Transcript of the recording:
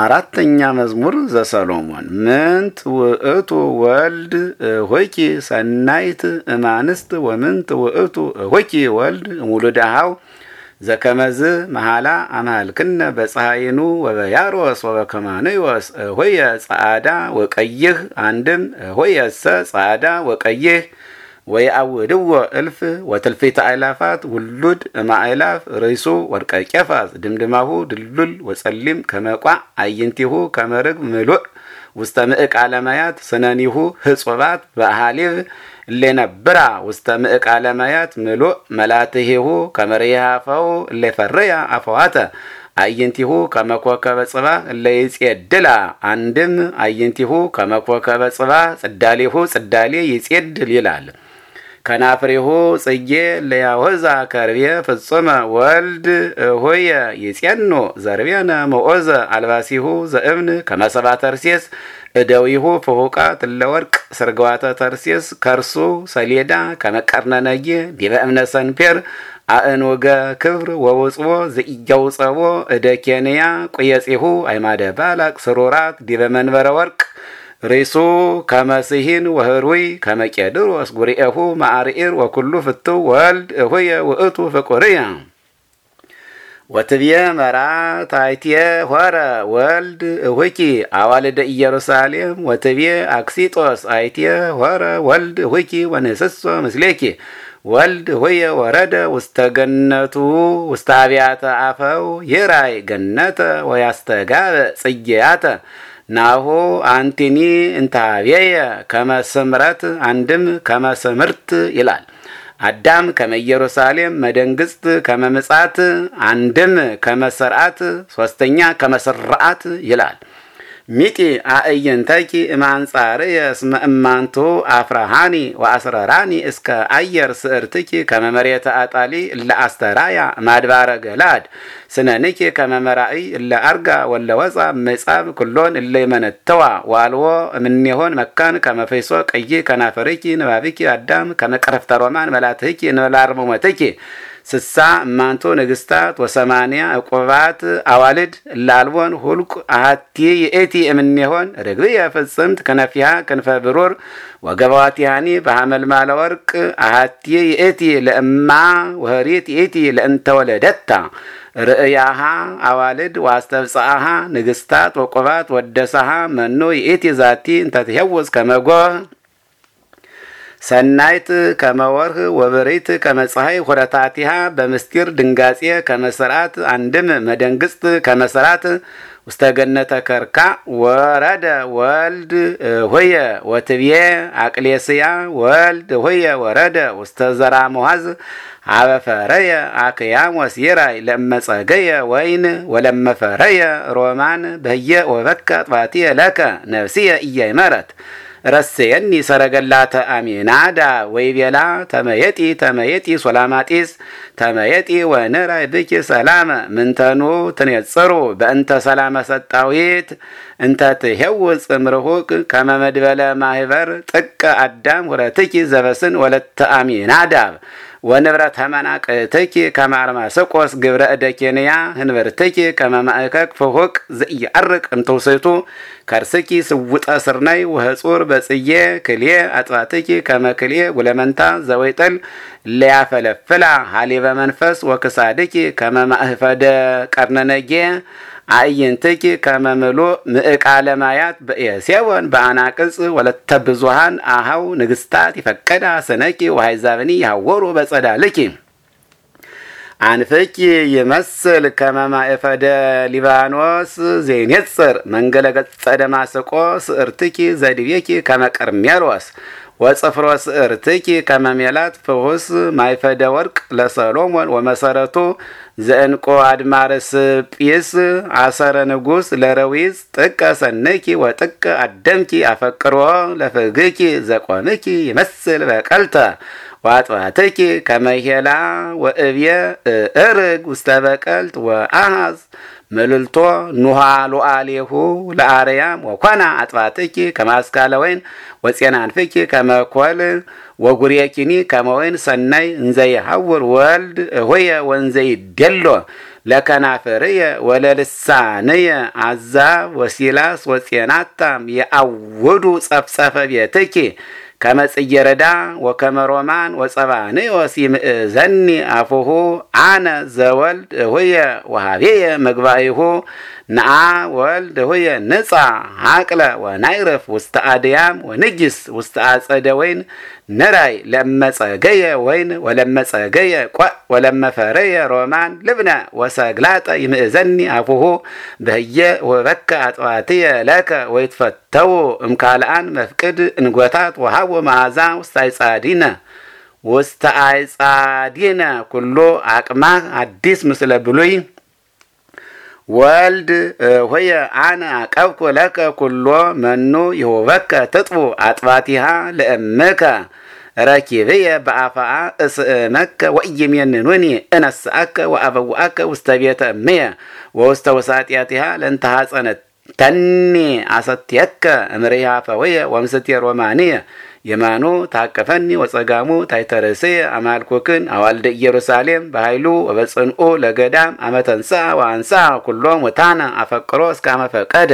አራተኛ መዝሙር ዘሰሎሞን ምንት ውእቱ ወልድ ሆኪ ሰናይት እማንስት ወምንት ውእቱ ሆኪ ወልድ ሙሉድ አሃው ዘከመዝ መሃላ አማልክነ በፀሐይኑ ወበያሮስ ወበከማንዮስ ሆየ ጸዓዳ ወቀይህ አንድም ሆየሰ ጸዓዳ ወቀይህ ወየአውድዎ እልፍ ወትልፊተ አእላፋት ውሉድ እማ አእላፍ ርእሱ ወርቀ ቄፋዝ ድምድማሁ ድልዱል ወጸሊም ከመቋዕ አይንቲሁ ከመርግ ምሉእ ውስተ ምእቅ አለማያት ስነኒሁ ህጹባት በአሃሊብ እሌነብራ ውስተ ምእቅ አለማያት ምሉእ መላትሂሁ ከመርያሃፈው እሌፈርያ አፈዋተ አዕይንቲሁ ከመኮከበ ጽባ ድላ አንድም አዕይንቲሁ ከመኮከበ ጽባ ጽዳሌሁ ጽዳሌ ይጼድል ይላል። ከናፍሬሁ ጽጌ ለያወዛ ከርቤ ፍጹመ ወልድ ሆየ ይጼኑ ዘርቤነ መኦዘ አልባሲሁ ዘእብን ከመሰባ ተርሴስ እደዊሁ ፍሁቃ ትለወርቅ ስርግዋተ ተርሴስ ከርሱ ሰሌዳ ከመቀርነነጌ ዲበ እምነ ሰንፔር ወገ ክብር ወውፅቦ ዘኢያውፀቦ እደ ኬንያ ቁየጼሁ አይማደ ባላቅ ስሩራት ዲበ መንበረ ወርቅ ርእሱ ከመስሂን ወህሩይ ከመቄድር ወስጉሪኤሁ ማአርኢር ወኩሉ ፍትው ወልድ እሁየ ውእቱ ፍቁርየ ወትብየ መራ ታይትየ ሆረ ወልድ እሁኪ አዋልደ ኢየሩሳሌም ወትብየ አክሲጦስ አይትየ ሆረ ወልድ እሁኪ ወንህስሶ ምስሌኪ ወልድ ሆየ ወረደ ውስተ ገነቱ ውስተ አብያተ አፈው ይራይ ገነተ ወያስተጋበ ጽጌያተ ናሆ አንቲኒ እንታቤየ ከመስምረት አንድም ከመስምርት ይላል። አዳም ከመኢየሩሳሌም መደንግጽት ከመምጻት አንድም ከመሰርአት ሶስተኛ ከመስርዓት ይላል። ሚጢ አእየንተኪ እማንጻርየ እስመ እማንቱ አፍራሃኒ ወአስረራኒ እስከ አየር ስእርትኪ ከመመሬተ አጣሊ ለአስተራያ ማድባረ ገላድ ስነንኪ ከመመራኢ ወለ ወፃ መጻብ ኩሎን እለይመነተዋ ዋልዎ እምኔሆን መካን ከመፈይሶ ቀይ ከናፈርኪ ንባብኪ አዳም ከመቀረፍተ ሮማን መላትህኪ ንበላርሙመትኪ ስሳ እማንቶ ነግስታት ወሰማንያ ዕቁባት አዋልድ ላልቦን ሁልቅ አሃቲ የእቲ የምንሆን ርግብየ ፍጽምት ከነፊሃ ክንፈ ብሩር ወገባዋቲያኒ በሐመልማለ ወርቅ አሃቲ የእቲ ለእማ ወህሪት የእቲ ለእንተ ወለደታ ርእያሃ አዋልድ ዋስተብፅአሃ ንግስታት ወቁባት ወደሰሃ መኑ የእቲ ዛቲ እንተትሄውዝ ከመጎ ሰናይት ከመወርህ ወበሬት ከመፀሐይ ሁረታቲሃ በምስጢር ድንጋጼ ከመሰራት አንድም መደንግስት ከመሰራት ውስተገነተ ከርካ ወረደ ወልድ ሆየ ወትብዬ አቅሌስያ ወልድ ሆየ ወረደ ውስተዘራ መዋዝ አበፈረየ አክያሞስ የራይ ለመጸገየ ወይን ወለመፈረየ ሮማን በየ ወበካ ጥፋትየ ለከ ነፍስየ እያይመረት ረሴየኒ ሰረገላተ አሚናዳ ወይቤላ ተመየጢ ተመየጢ ሶላማጢስ ተመየጢ ወንራ ብኪ ሰላመ ምንተኑ ትነጽሩ በእንተ ሰላመ ሰጣዊት እንተ ትሄው ጽምርሁቅ ከመመድበለ ማህበር ጥቅ ጽድቀ አዳም ወረትኪ ዘበስን ወለተ አሚን አዳብ ወንብረት ተመናቅዕትኪ ከማርማ ሰቆስ ግብረ እደኬንያ ኬንያ ህንበርትኪ ከመ ማእከክ ፍሑቅ ዘኢየዐርቅ እምትውስቱ ከርስኪ ስውጠ ስርናይ ወህጹር በጽዬ ክልየ አጽባትኪ ከመ ክልኤ ጉለመንታ ዘወይጠል ለያፈለፍላ ሀሌበ መንፈስ ወክሳድኪ ከመ ቀርነነጌ አዕይንትኪ ከመምሎ ምዕቃለ ማያት በኤሴወን በአናቅጽ ወለተ ብዙሃን አሃው ንግስታት ይፈቀዳ ስነኪ ወሃይዛብኒ ያወሩ በጸዳልኪ አንፍቂ ይመስል እፈደ ሊባኖስ ዜኔጽር መንገለ ገጸ ደማስቆ ስእርትኪ ዘድቤኪ ከመቀርሜሮስ ወጽፍሮ ስዕር ትኪ ከመሜላት ፍሑስ ማይፈደ ወርቅ ለሰሎሞን ወመሰረቱ ዘእንቆ አድማረ ስጲስ አሰረ ንጉስ ለረዊዝ ጥቀ ሰንኪ ወጥቀ አደምኪ አፈቅሮ ለፍግኪ ዘቆንኪ ይመስል በቀልተ ወአጥባትኪ ከመሄላ ወእብየ እርግ ውስተ በቀልት ወአሃዝ ምልልቶ ኑሃ ሉአሌሁ ለአርያም ወኳና አጥባትኪ ከማስካለ ወይን ወፄና አንፍኪ ከመኮል ወጉሬኪኒ ከመወይን ሰናይ እንዘይሐውር ወልድ ሆየ ደሎ ለከናፈርየ ወለልሳንየ አዛብ ወሲላስ ወፄናታም የአውዱ ጸፍጸፈ ቤትኪ ከመጽየረዳ ወከመ ሮማን ወጸባ ንዮሲ ምእዘኒ አፉሁ አነ ዘወልድ እሁየ ወሃቤየ መግባይሁ ንኣ ወልድ ሆየ ነፃ ሃቅለ ወናይረፍ ውስተ ኣድያም ወንጅስ ውስተ ኣጸደ ወይን ነራይ ለመጸገየ ወይን ወለመጸገየ ቈዕ ወለመፈረየ ሮማን ልብነ ወሰግላጠ ይምእዘኒ ኣፉሁ በህየ ወበከ ኣጽዋትየ ለከ ወይትፈተው እምካልኣን መፍቅድ እንጐታት ወሃቦ መዓዛ ውስተ ኣይጻዲነ ውስተ ኣይጻዲነ ኵሎ ኣቅማ ኣዲስ ምስለ ብሉይ ወልድ ሆየ አነ አቀብኩ ለከ ኩሎ መኑ ይሁበከ ትጥቡ አጥባቲሃ ለእምከ ረኪብየ በአፋአ እስእመከ ወእይሜንኑኒ እነስአከ ወአበውአከ ውስተ ቤተ እምየ ወውስተ ውሳጢአቲሃ ለእንተ ተኒ አሰትየከ እምርያ ፈወየ ወምስቴ ሮማንየ የማኖ ታቀፈኒ ወጸጋሙ ታይተረሰየ አማልኩክን አዋልደ ኢየሩሳሌም በኃይሉ ወበጽንኡ ለገዳም አመተንሳ ወአንሳ ኩሎም ወታነ አፈቅሮ እስከ አመፈቀደ